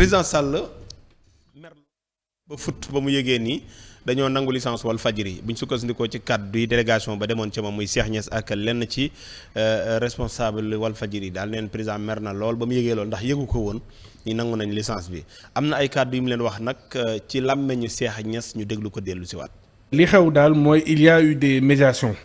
président Sall mer ba fut ba mu yëgee nii dañoo nangu licence wal fajiri buñ sukkandikoo ci kàddu yi délégation ba demoon ci moom muy Cheikh Niass ak lenn ci euh, responsable wal fajiri daal neen président mer na lool ba mu yëgee lool ndax yëgu ko woon ñu nangu nañ licence bi am na ay kàddu yu mu leen wax nag euh, ci làmmeñu Cheikh Niass ñu déglu ko dellu si waat li xew daal mooy il y a eu des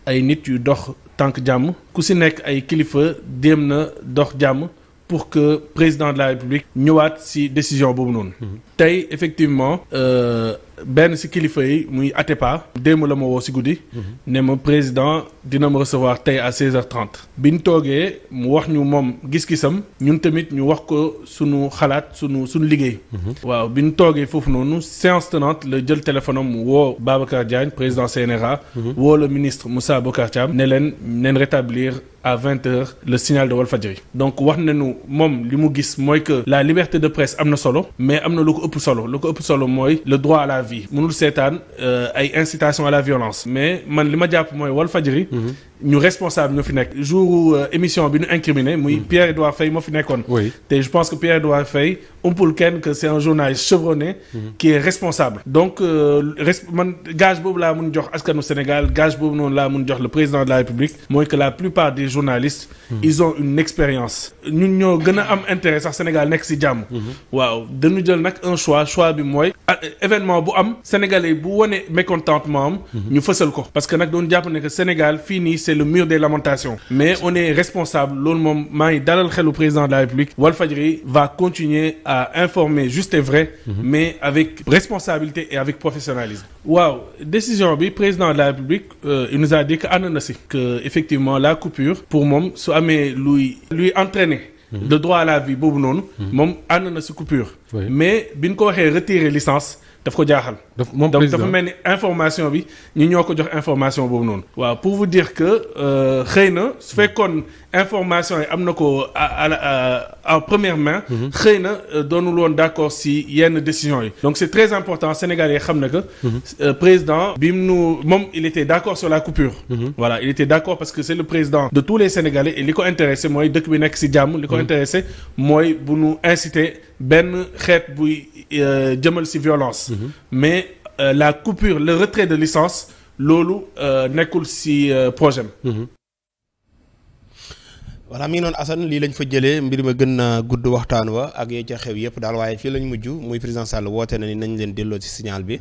ay nit yu dox tànk jàmm ku si nekk ay kilifa déem na dox jàmm pour que président de la république ñëwaat ci décision boobu noonu. Mm-hmm. tey effectivement. Euh, benn si kilifa yi muy Atepa démb la ma woo si guddi. Mhm. ne ma président dina ma recevoir tey à 16 h bi ñu toogee mu wax ñu moom gis-gisam ñun tamit ñu wax ko sunu xalaat sunu sunu liggéey. Mhm. waaw bi ñu toogee foofu noonu séance tenante la jël téléphone am woo Babacar Diagne président CNRA. Mhm. woo le ministre Moussa Bocar Thiam ne leen nen rétablir. à vingt heures le signal de Walfadjri donc wax nañu moom li mu gis mooy que la liberté de presse am na solo mais am na lu ko ëpp solo lu vie mënul seetaan euh, ay incitation à la violence mais man li ma jàpp mooy Walfadjri mhm. ñu responsable ñoo fi nekk jour euh, émission bi ñu incriminé muy mm. Pierre Edouard Faye moo fi nekkoon te je pense que Pierre Edouard Faye umpul kenn que c'est un journaliste chevronné mm-hmm. qui est responsable donc euh, man gage boobu laa mun jox askanu Sénégal gage boobu noonu laa mun jox le président de la République mooy que la plupart des journalistes mm-hmm. ils ont une expérience ñun ñoo gën a am intérêt sax Sénégal nekk si jàmm mm-hmm. waaw dañu jël nag un choix choix bi mooy ah, événement bu am Sénégalais bu wone mécontentement am ñu fësal ko parce que nag c'est le mur des lamentations mais on est responsable loolu moom maa ngi dalal xelu président de la République Walfadjri va continuer à informer juste et vrai mhm. mais avec responsabilité et avec professionnalisme waaw décision bi président de la République euh, il nous a dit na si effectivement la coupure pour moom su amee luy luy entraîner de mhm. droit à la vie boobu noonu mhm. moom ànd na si coupure mais bi ñu ko waxee retirer licence daf ko jaaxal daf moom président donc dafa mel information bi ñu ñoo ko jox information boobu noonu. waaw pour vous dire que euh, xëy na su fekkoon information yi am na ko à euh, première main. Mhm. xëy na euh, doonul woon d' accord si yenn décision yi. donc c' est très important Sénégal yi xam na que. Mhm. président bi mu nu moom il était d' accord sur la coupure. Mhm. voilà il était d' accord parce que c' est le président de tous les Sénégalais et li ko intéressé mooy dëkk bi nekk si jàmm. li ko intéressé mooy bu nu inciter benn xeet buy jëmal si violence. Euh, la coupure le retrait de licence loolu euh, nekkul ci euh, projet am. Mhm. voilà mi ngi noonu Assane lii lañ fa jëlee mbir ma gën na gudd waxtaan wa ak yee ca yëpp daal fii lañ mujj muy président Sall woote na nañ leen delloo ci signal bi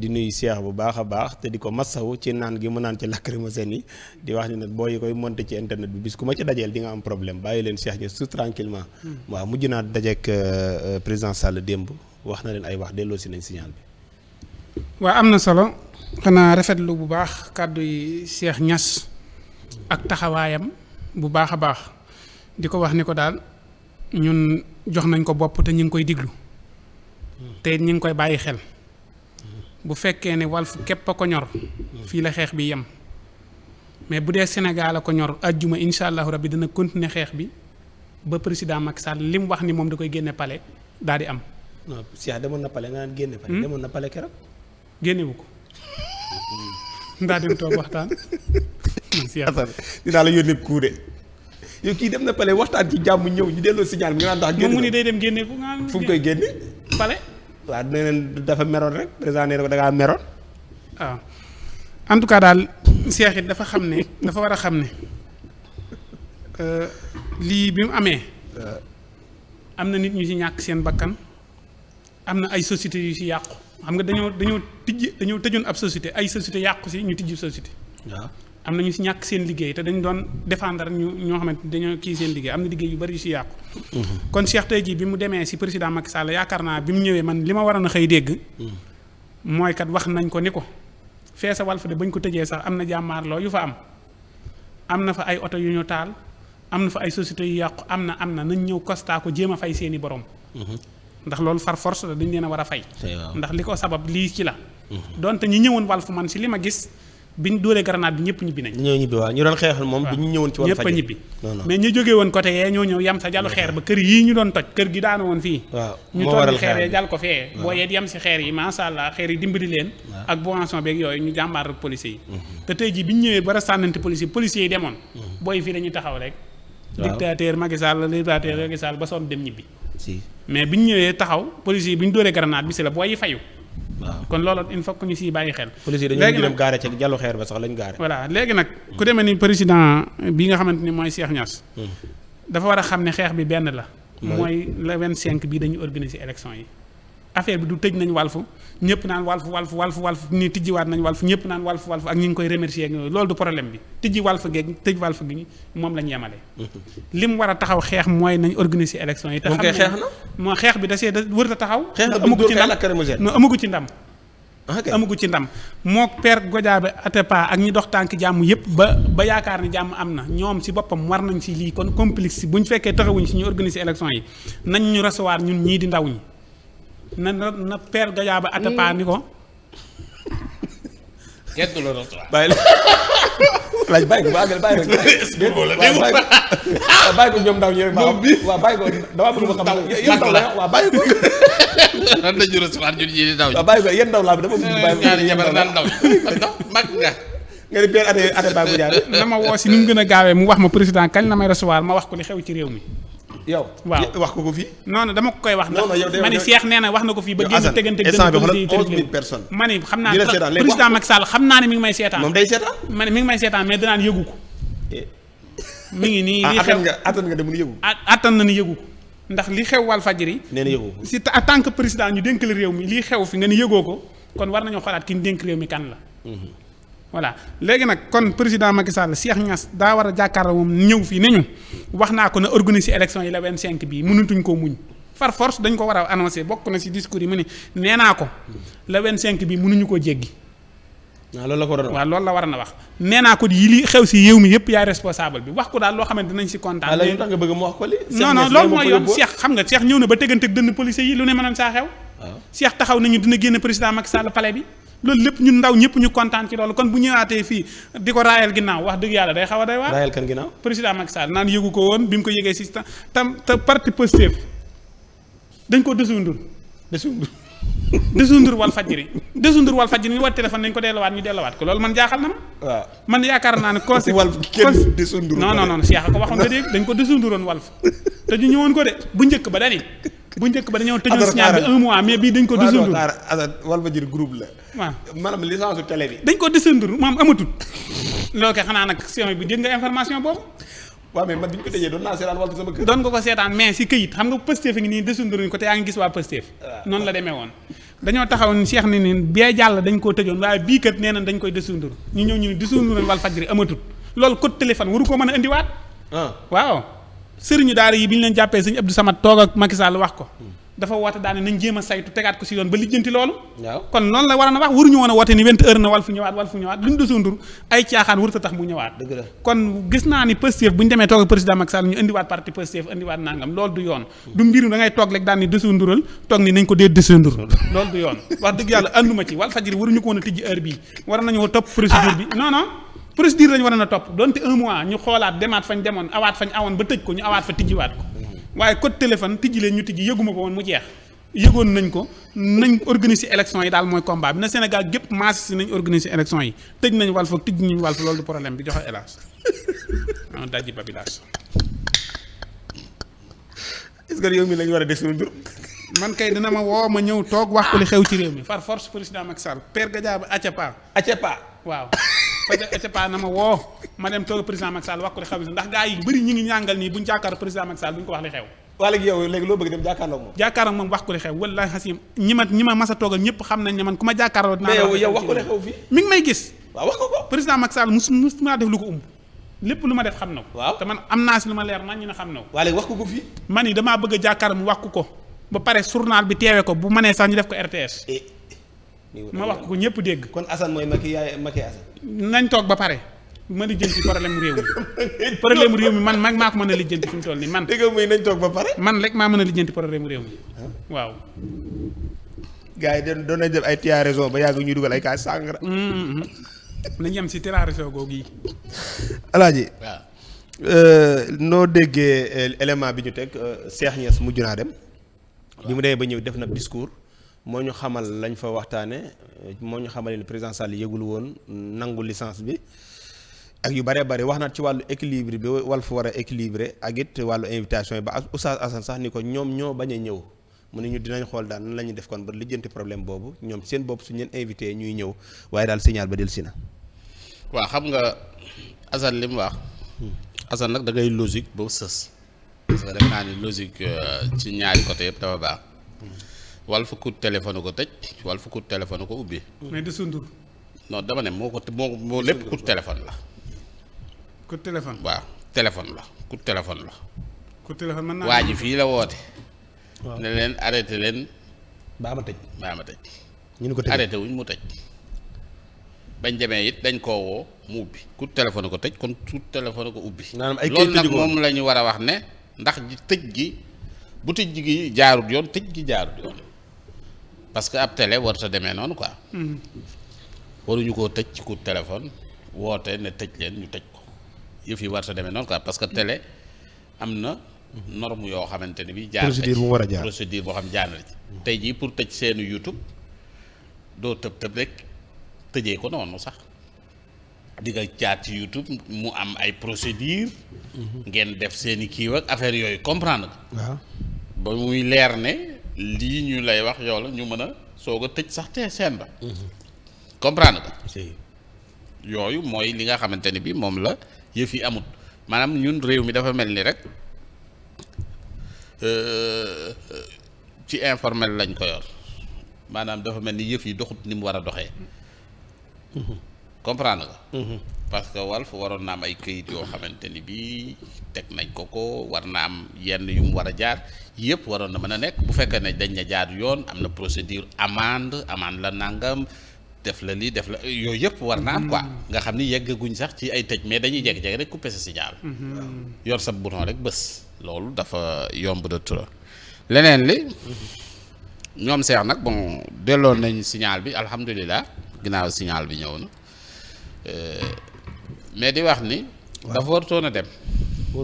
di nuyu Cheikh bu baax a baax te di ko massawu ci naan gi mu naan ci lacrymogène yi di wax ni nag boo yi koy ci internet bi bis ku ma ci di nga am problème bàyyi leen Cheikh ñu tout tranquillement hmm. waaw mujj naa dajeek président Sall démb wax na leen ay wax delloo si nañ signal bi. waa am na solo xanaa rafetlu bu baax kàddu yi Cheikh ñas ak taxawaayam bu baax a baax di ko wax ni ko daal ñun jox nañ ko bopp te ñu ngi koy diglu te ñu ngi koy bàyyi xel bu fekkee ne Walf képp a ko ñor fii la xeex bi yem mais bu dee Sénégal a ko ñor ajjuma incha allahu rabbi dina continuer xeex bi ba président Macky Sall li mu wax ni moom da koy génne pale daal di am. non Cheikh demoon na pale nga naan génne pale. Hmm? demoon na pale keroog. génnewu ko ndaa dem toog waxtaan man si yàlla dinaa la yónnee ku de yow kii dem na pale waxtaan ci jàmm ñëw ñu delloo signal bi nga naan tax génn mu ni day dem génne ko nga fu mu dafa meroon rek président nee na ko da meroon waaw ah. tout cas daal Cheikh it dafa xam ne dafa war a xam ne euh, lii bi mu amee euh. am na nit ñu ci ñàkk seen bakkan am na ay sociétés yu ci yàqu xam nga dañoo dañoo tijj dañoo tëjoon ab société ay société yàqu si ñu tijj société waaw am na ñu si ñàkk seen liggéey te dañu doon défendre ñu ñoo xamante dañoo kii seen liggéey am na liggéey yu bari si yàqu mhm. kon Cheikh tey jii bi mu demee si président Macky Sall yaakaar naa bi mu ñëwee man li ma waroon a xëy dégg mhm. mooy kat wax nañ ko ni ko fee sa Walf de bañ ko tëjee sax am na jàmmaarloo yu fa am am na fa ay oto yu ñu taal am na fa ay sociétés yu yàqu am na am na nañ ñëw constat ko jéem a fay seeni borom mhm. ndax loolu far force la dañ leen a war a fay ndax li ko sabab lii ci la mhm. donte ñi ñëwoon Walf man si li ma gis biñ dóoree grenade bi ñëpp ñibbi nañ ñoo ñibbi waaw ñu doon xeexal moom du ñu ñëwoon ci Walf ñëpp a ñibbi mais ñu jógee woon côté yee ñoo ñëw yam sa jàllu xeer ba kër yii ñu doon toj kër gi daanu woon fii waaw ñu toj xeer yi jàll ko fee boo yeet yam si xeer yi masha Allah xeer yi dimbali leen ak boanson beeg yooyu ñu jàmbaar policiers yi mhm. te tey ji biñ ñëwee bara sànnante policier policiers yi demoon mhm. booy fii dañuy taxaw rek dictateur Macky Sall dictateur Macky Sall ba sonn dem ñibbi si mais bi ñu ñëwee taxaw police yi bi ñu dóoree grenade bi si la booy yi fayu. waaw kon loolu il faut que ñu siy bàyyi xel. police yi dañoo dem gaare ci jàllu xeer ba sax lañ gaare. voilà léegi nag ku demee ni président bi nga xamante ni mooy seex Niass. Hmm. dafa war a xam ni xeex bi benn la. mooy le cinq bii dañu organiser élection yi. affaire bi du tëj nañ wàlfu ñëpp naan wàlfu wàlfu wàlfu wàlfu nii tijjiwaat nañ wàlfu ñëpp naan wàlfu wàlfu ak ñi ngi koy remercier ak yooyu loolu du problème bi tijji wàlfu geeg tëj wàlfu gi moom la ñu yemale mhm. li mu war a taxaw xeex mooy nañ organiser élection yi te xam ne moo xeex bi da see da wër a taxaw amagu ci ndam ah, amugu ci ndam amugu ci ndam moo père Godiaby Atepa ak ñi dox tànk jàmm yëpp ba ba yaakaar ni jàmm am na ñoom si boppam war nañ si lii kon complexe si bu ñu fekkee taxawuñ si ñu organiser élection yi nañ ñu recevoir ñun ñii di ndaw ñi na na na père Gadiaaba Atapa ni ko. kenn du la recevoir. bàyyi la bàyyi ko ba àggal bàyyi ko. bàyyi ko ñoom ndaw ñi rek. moom bi waaw bàyyi ko damaa bëgg ma xam. yéen ndaw la waaw bàyyi ko. nan la ñu recevoir ñun ñii di ndaw ñi. waaw bàyyi ko yéen ndaw laa bi dafa bëgg bàyyi ko. ñaari jabar naan ndaw ñi mag nga. nga ni père Atapa Gadiaaba. na ma woo si ni mu gën a gaawee mu wax ma président kañ la may recevoir ma wax ko li xew ci réew mi. yow waaw wax ko ko fii non non dama ko koy wax ndax ma ni Cheikh nee na wax na ko fii ba génn tegante dënn personnes ma ni xam naa président Macky xam naa mi ngi may seetaan moom day seetaan ni mi ngi may seetaan mais danaan yëgu ko eh. mi ngi nii ah, li xew nga dem mun yëgu attan na ni yëgu ko ndax li xew wàll fajiri nee na yëgu ko si en tant que président ñu dénk la réew mi lii xew fi nga ni yëgoo ko kon war nañoo xoolaat ki ñu dénk réew mi kan la mm-hmm. voilà léegi nag kon président Macky Sall Cheikh Niass daa war a jàkkaarloo ñëw fii ne ñu wax naa ko na organiser élection yi la 25 bii mënatuñ koo muñ par dañ ko war a bokk na si discours yi ne nee ko la 25 bii mënuñu koo jéggi. waaw ko a wax la war a wax nee naa li xew si yéew mi yëpp yaay responsable bi wax ko daal loo xamante dinañ si kontaan. léegi tax nga bëgg mu nga Cheikh ñëw na ba tegante ak policier yi lu ne mënoon saa xew. waaw taxaw nañu dina génn président Macky Sall palais bi loolu lépp ñun ndaw ñëpp ñu kontaan ci loolu kon bu ñu ñëwaatee fii di ko raayal ginnaaw wax dëgg yàlla day xaw a day waar. raayal kan ginnaaw président Macky Sall naan yëgu ko woon bi mu ko yëgee si tam te parti Pastef dañ ko desundur desundur desundur wal fajiri desundur wal fajiri ñu war téléphone nañ ko delluwaat ñu delluwaat ko loolu man jaaxal na ma. waaw man yaakaar naa ne. conse wal kenn desundur non non non Cheikh dañ ko desunduroon walf te ñu ñëwoon ko de bu njëkk ba bu njëkk ba dañoo tëjoon signal bi un mois mais bii dañ ko descendre asan Walfadjri groupe la waaw maanaam licence u télé bi dañ xanaa nag sëñ bi dégg nga information boobu waaw mais man bi ñu ko ko seetaan mais si këyit xam nga Pastef ngi nii descendre ñu ko te yaa ngi woon dañoo taxaw ni Cheikh ni ne bee dañ koo tëjoon waaye bii kat nee nañ dañ koy descendre ñu ñëw ñu ne descendre Walfadjri amatul loolu code téléphone waru ko mën a indiwaat ah. waaw sëriñu daara yi bi ñu leen jàppee sëñ Abdou Samad toog ak Macky wax ko hmm. dafa woote daane nañ jéem a saytu tegaat ko si yoon ba lijjanti loolu kon noonu la war a wax waruñu woon a woote ni vingt heures na wal fu ñëwaat lu ñu desundur ay caaxaan warut tax mu ñëwaat kon gis naa ni Pastef bu ñu demee toog ak président Macky Sall ñu indiwaat parti Pastef indiwaat nangam loolu du yoon hmm. du mbiru da toog rek daan ni desundural toog ni nañ ko dee a procédure lañu waroon a topp donte un mois ñu xoolaat demaat fañ demoon awaat fañ awoon ba tëj ko ñu awaat fa tijjiwaat ko waaye code téléphone tijji leen ñu tijji yëguma ko woon mu jeex yëgoon nañ ko nañ organiser élection yi daal mooy combat bi na Sénégal gépp maas si nañ organiser élection yi tëj nañu wàll fa tijji nañ wàll fa loolu du problème bi joxe a ah, dajji babillage est yow mi lañu war a des man kay dina ma woo ma ñëw toog wax ko li xew ci réew mi par force président Macky Sall père Gadiaba Atepa Atepa waaw peut-être pas na ma woo ma dem toog président Macky Sall wax ko li xew ndax gars yi bëri ñi ngi ñàngal nii buñu jàkkaar président Macky Sall duñu ko wax li xew waa léegi yow léegi loo bëgg dem jàkkaarloo moom jàkkaarloo moom wax ko li xew wallaahi xasim ñi ma ñi ma mas a toogal ñëpp xam nañ ne man ku ma jàkkaarloo dinaa yow yow wax ko li xew fii mi ngi may gis waaw wax ko ko président Macky Sall mus mus maa def lu ko umb lépp lu ma def xam na ko waaw te man am naa si lu ma leer nañ ñu ne xam na ko waa léegi wax ko ko fii man yi damaa bëgg a jàkkaar mu wax ko ko ba pare journal bi teewe ko bu mënee sax ñu def ko RTS eh, eh, ma wax ko ko ñëpp dégg kon Assane mooy Macky yaay Macky Assane nañ toog ba pare ma lijjanti problème réew mi problème réew mi man mag maa ko mën a lijjanti fi mu toll nii man. dégg muy nañ toog ba pare. man rek maa mën a lijjanti problème réew mi ah. waaw. gars yi doon nañ def ay tiaraison ba yàgg ñuy dugal ay kaas sàngara. Mm-hmm. nañ am si tiaraison googu yi. alaaji. waaw euh, noo déggee euh, élément bi ñu teg euh, Cheikh Niass mujj naa dem. bi mu demee ba ñëw def na discours. moo ñu xamal lañ fa waxtaane moo ñu xamal ni président Sall yëgul woon nangu licence bi ak yu bëree bëri wax na ci wàllu équilibre bi wal fu war a équilibré ak it wàllu invitation yi ba Oustaz Assane sax ni ko ñoom ñoo bañ a ñëw mu ne ñu dinañ xool daal nan la ñuy def kon ba lijjanti problème boobu ñoom seen bopp su leen invité ñuy ñëw waaye daal signal ba dellusi na. waaw xam nga Assane li mu wax. Assane nag da logique boobu sës. parce que def naa ni logique euh, wàllu fa kut téléphone ko tëj wàllu fa kut téléphone ko ubbi. mais de sundur moo ko moo moo lépp kut téléphone la. kut téléphone. waaw téléphone la kut téléphone la. kut téléphone mën naa waa ji fii la woote. ne leen arrêté leen. baa ma tëj baa ñu ne ko tëj arrêté wuñ mu tëj. bañ demee it dañ koo mu ubbi kut téléphone ko tëj kon kut téléphone ko ubbi. maanaam ay loolu nag moom la ñu war a wax ne ndax tëj gi bu tëj gi jaarut yoon tëj gi jaarut yoon. parce que ab télé warut sa demee noonu quoi. Hmm. waruñu koo tëj ci coup de téléphone woote ne tëj leen ñu tëj ko yëf yi warut a demee noonu quoi parce que télé am na. norme yoo xamante ne bii. jaar procédure war a jaar procédure boo xam jaar na ci. Hmm. tey jii pour tëj seenu YouTube doo tëb tëb rek tëjee ko noonu sax di nga jaar ci YouTube mu am ay procédure hmm. ngeen def seeni i kii affaire yooyu comprendre nga. waaw ba muy leer ne. lii ñu lay wax yow la ñu mën a soog a tëj sax te seen ba mhm. comprendre nga yooyu mooy li nga xamante ni bi moom la yëf yi amut maanaam ñun réew mi dafa mel ni rek euh, ci informel lañ ko yor maanaam dafa mel ni yëf yi doxut ni mu war a doxee mhm. comprendre nga. Mhm. parce que Walf waroon na am ay kayit yoo xamante ni bii teg nañ ko ko war na am yenn yu mu war a jaar yëpp waroon na mën a nekk bu fekkee ne dañ na jaar yoon am na procédure amende amende la nangam def la lii def la yooyu yëpp war na am quoi mhm. nga xam ni yeggaguñ sax ci ay tëj mais dañuy jékki-jékki rek coupé si signal. Mhm. yor sa bouton rek bés. loolu dafa yomb de trop leneen li. ñoom seex nag bon delloon nañ signal bi alhamdulilah ginnaaw signal bi ñëw Euh, mais di wax ni. dafa warutoon a dem.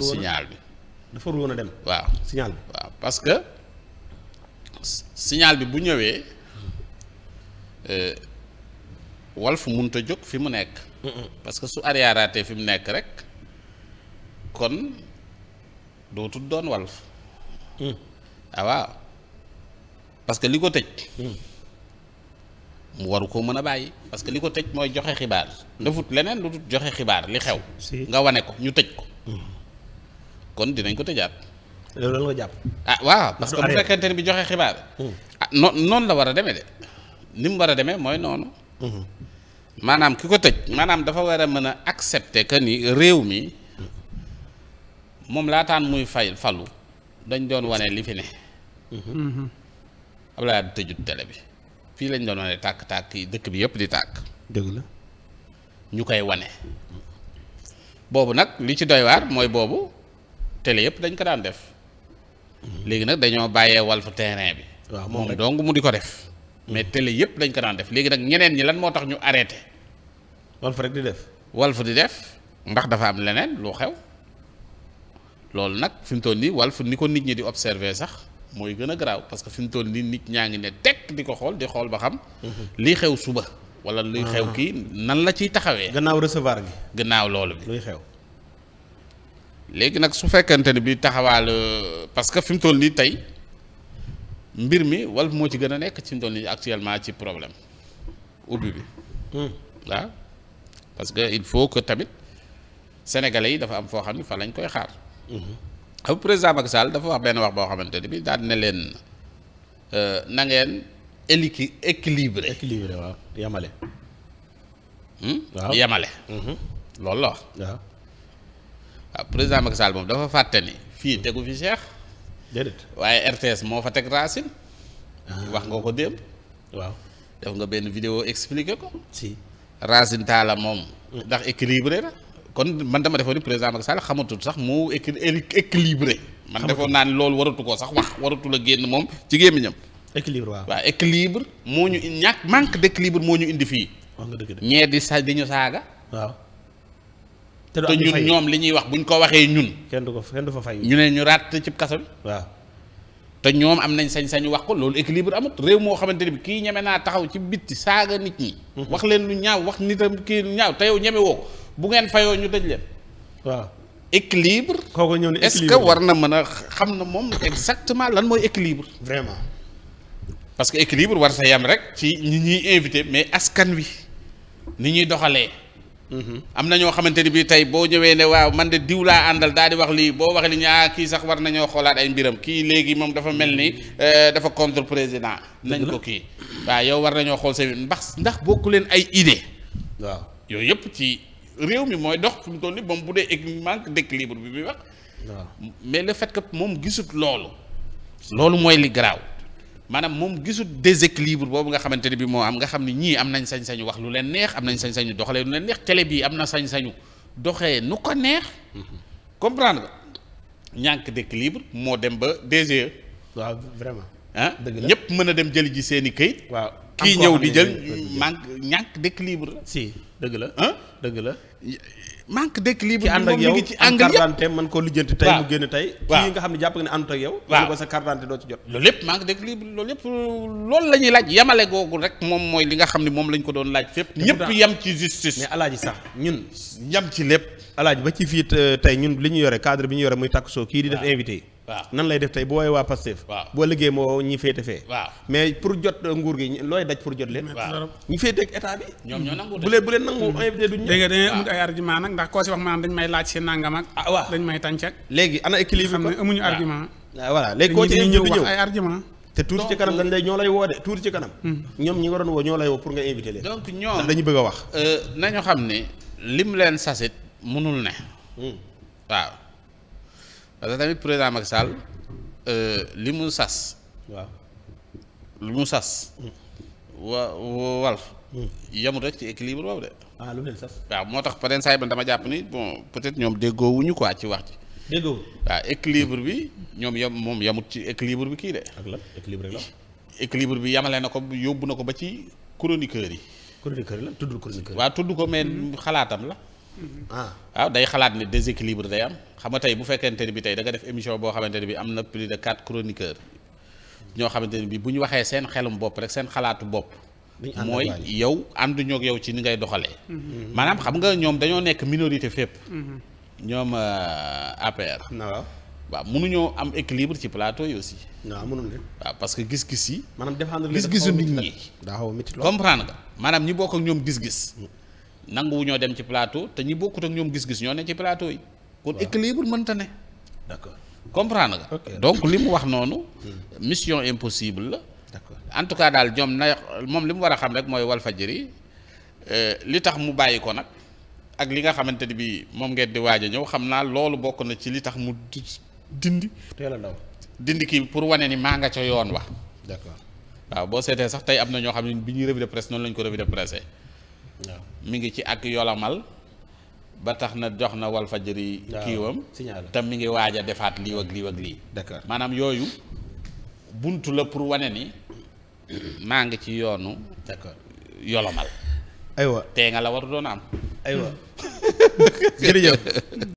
signal bi. dafa warutoon a dem. waaw signal bi waaw parce que signal bi bu ñëwee euh, Walf mënut a jóg fi mu nekk. parce que su ariyaaraatee fi mu nekk rek kon dootul doon Walf. Mm. Ah, waaw parce que li ko tëj. Mm. mu waru koo mën a bàyyi parce que li ko tëj mooy joxe xibaar defut leneen lu dul joxe xibaar li xew nga wane ko ñu tëj ko mm-hmm. kon dinañ ko tëjaat loolu ko jàpp ah waaw parce que bu fekkente ni bi joxe xibaar mm. ah noon noonu la war a demee de ni mu war a demee mooy noonu mm-hmm. maanaam ki ko tëj maanaam dafa war a mën a accepter que nii réew mi moom laataan muy fay falu dañ doon wane li fi ne mm-hmm. Abdoulaye Wade tëjut télé bi fii lañ doon wane tàkk-tàkk yi dëkk bi yëpp di tàkk. dëgg la ñu koy wane. boobu nag li ci doy waar mooy boobu télé yëpp dañ ko daan def. Mm-hmm. léegi nag dañoo bàyyee Walf terrain bi. waaw moom dong mu di ko def. mais mm-hmm. télé yëpp dañ ko daan def léegi nag ñeneen ñi lan moo tax ñu arrêté. Walf rek di def. Walf di def ndax dafa am leneen lu xew. loolu nag fi mu toll nii Walf ni ko nit ñi di observer sax. mooy gën a garaaw parce que fi toll nii nit ñaa ngi ne tekk di ko xool di xool ba xam. lii xew suba. wala luy xew ah. kii nan la ciy taxawee. gannaaw recevoir gi. gannaaw loolu bi luy xew. léegi nag su fekkente ne bi taxawaal euh, parce que fi mu toll nii tey mbir mi wal moo ci gën a nekk ci mu toll actuellement ci problème ubbi bi. Hmm. waaw parce que il faut que tamit sénégalais yi dafa am foo xam ne fa lañ koy xaar. Hmm. ab président Macky Sall dafa wax benn wax boo xamante ni bi daal ne leen euh, na ngeen éliki équilibré. équilibré yamale. Hmm? yamale. Mm-hmm. loolu la waaw président Macky Sall moom dafa fàtte ni fii tegu fi Cheikh. waaye RTS moo fa teg racine. Ah. wax nga ko démb. waaw def nga benn vidéo expliqué ko. si racine taala moom. Mm. ndax équilibré na. kon man dama defoon ni président Macky Sall xamatul sax mu équilibré man defoon naa ne loolu waratu koo sax wax waratu la génn moom ci gémmiñam équilibre waaw waaw équilibre moo ñu ñàkk manque d' équilibre moo ñu indi fii wax nga dëgg ñee di sa di ñu saaga waaw te ñun ñoom li ñuy wax bu ko waxee ñun kenn ko kenn du fay ñu ne ñu ratt ci kaso te ñoom am nañ sañ-sañu wax ko loolu équilibre amut réew moo xamante ni bi kii ñeme naa taxaw ci bitti saaga nit ñi mhm. wax leen lu ñaaw wax nitam kii lu ñaaw te yow ñeme woo bu ngeen fayoo ñu dëj leen. waaw équilibre. kooku ñëw ne équilibre est war na mën a xam na moom exactement lan mooy équilibre. vraiment. parce que équilibre war sa yam rek ci ñi ñuy invité mais askan wi ni ñuy doxalee. Mm-hmm. am na ñoo xamante ni bii tey boo ñëwee ne waaw man de diw laa àndal daal di wax lii boo waxee li ñu ah kii sax war nañoo xoolaat ay mbiram kii léegi moom dafa mel ni euh, dafa contre président. nañ ko kii waaw yow war nañoo xool sa mbax ndax ndax bokku leen ay idée waaw réew mi mooy dox fi mu toll nii moom bu dee manque d'équilibre bi muy wax. mais le fait que moom gisut loolu. loolu mooy li garaaw. maanaam moom gisut gisul déséquilibre boobu nga xamante ne bi moo am nga xam ne ñii am nañ sañ-sañu wax lu leen neex am nañ sañ-sañu doxalee lu leen neex télé bii am na sañ-sañu doxee nu ko neex. comprendre nga ñànk d'équilibre moo dem ba DGE. waaw vraiment. ah mën a dem jëli ji seen i këyit. waaw kii ñëw di jël manque ñàkk d'équilibre si dëgg la dëgg la manque d'équilibre ci ànd ak yow ci ànd carte d'identité mën koo lijjanti tey mu génn tey kii nga xam ne jàpp nga ne àndut ak yow waaw ko sa carte d'identité doo ci jot loolu lépp manque d'équilibre loolu lépp loolu la ñuy laaj yamale googu rek moom mooy li nga xam ne moom lañ ko doon laaj fépp ñëpp yam ci justice mais alaaji sax ñun yam ci lépp alaaji ba ci fii euh, tey ñun li ñu yore cadre bi ñu yore muy takk soo kii di def invité waaw nan lay def tey bu woowee waa Pastef waaw boo liggéey moo ñi féete fee mais pour jot nguur gi looy daj pour jot leen ñi féete ak état bi bu leen bu leen nangu mm-hmm. invité duñ dégg nga dañuy wax ay argument te tuuti ci kanam dañ lay ñoo lay woo de tuuti ci kanam mm. ñoom ñi nga doon woo ñoo lay woo pour nga invité leen donc dañu bëgg a wax euh, nañu xam ne lim leen sasit mënul ne mm. waaw parce que tamit président Macky Sall euh, li mu sas. waaw mu sas. Mm. wa Walf. Mm. yamut rek ci équilibre boobu de. Ah, lu leen sas. waaw moo tax peut saa yi dama jàpp ni bon peut-être ñoom déggoo ko quoi ci wax ji. déggoo waaw équilibre bi ñoom yam moom yamut ci équilibre bi kii de. ak la équilibre la. équilibre bi yamale na ko yóbbu na ko ba ci chroniqueurs yi. chroniqueurs la tuddul chroniqueur. waaw tudd ko mais xalaatam la. waaw mm-hmm. ah. ah, day xalaat ne déséquilibre day am xam nga tey bu fekkente ni bi tey da nga def émission boo xamante ne bi am na plus de quatre chroniqueurs ñoo xamante ne bi bu ñu waxee seen xelum bopp rek seen xalaatu bopp mooy yow ànduñoo ak yow ci ni ngay doxalee mm-hmm. maanaam xam nga ñoom dañoo nekk minorité fépp mm-hmm. ñoom euh, APR waaw waaw mënuñoo am équilibre ci plateau yi aussi waaw mënul waaw parce que gis-gis yi maanaam défendre gis-gisu nit ñi comprendre nga maanaam ñi bokk ak ñoom gis-gis mm. nanguwu ñoo dem ci plateau te ñi bokkut ak ñoom gis-gis ñoo ne ci plateau yi. kon équilibre mënta ne. d'accord comprendre nga. Okay. donc li mu wax noonu. Hmm. mission impossible la. d'accord en tout cas daal ñoom na moom li mu war a xam rek mooy Walfadjri euh, li tax mu bàyyi ko nag ak li nga xamante ni bii moom ngeen di waaj a ñëw xam naa loolu bokk na ci li tax mu dindi. teel a daw dindi kii pour wane ni maa nga ca yoon wa. d'accord waaw boo seetee sax tey am na ñoo xam ne bi ñuy revue de presse noonu la ko revue de waaw mi ngi ci ak yolomal ba tax na jox na wal fajri kiiwam tam mi ngi waaj a defaat lii ak lii ak lii maanaam yooyu bunt la pour wane ni maa ngi ci yoonu d'accord yolomal tee nga la waru doon a am aywa jërëjëf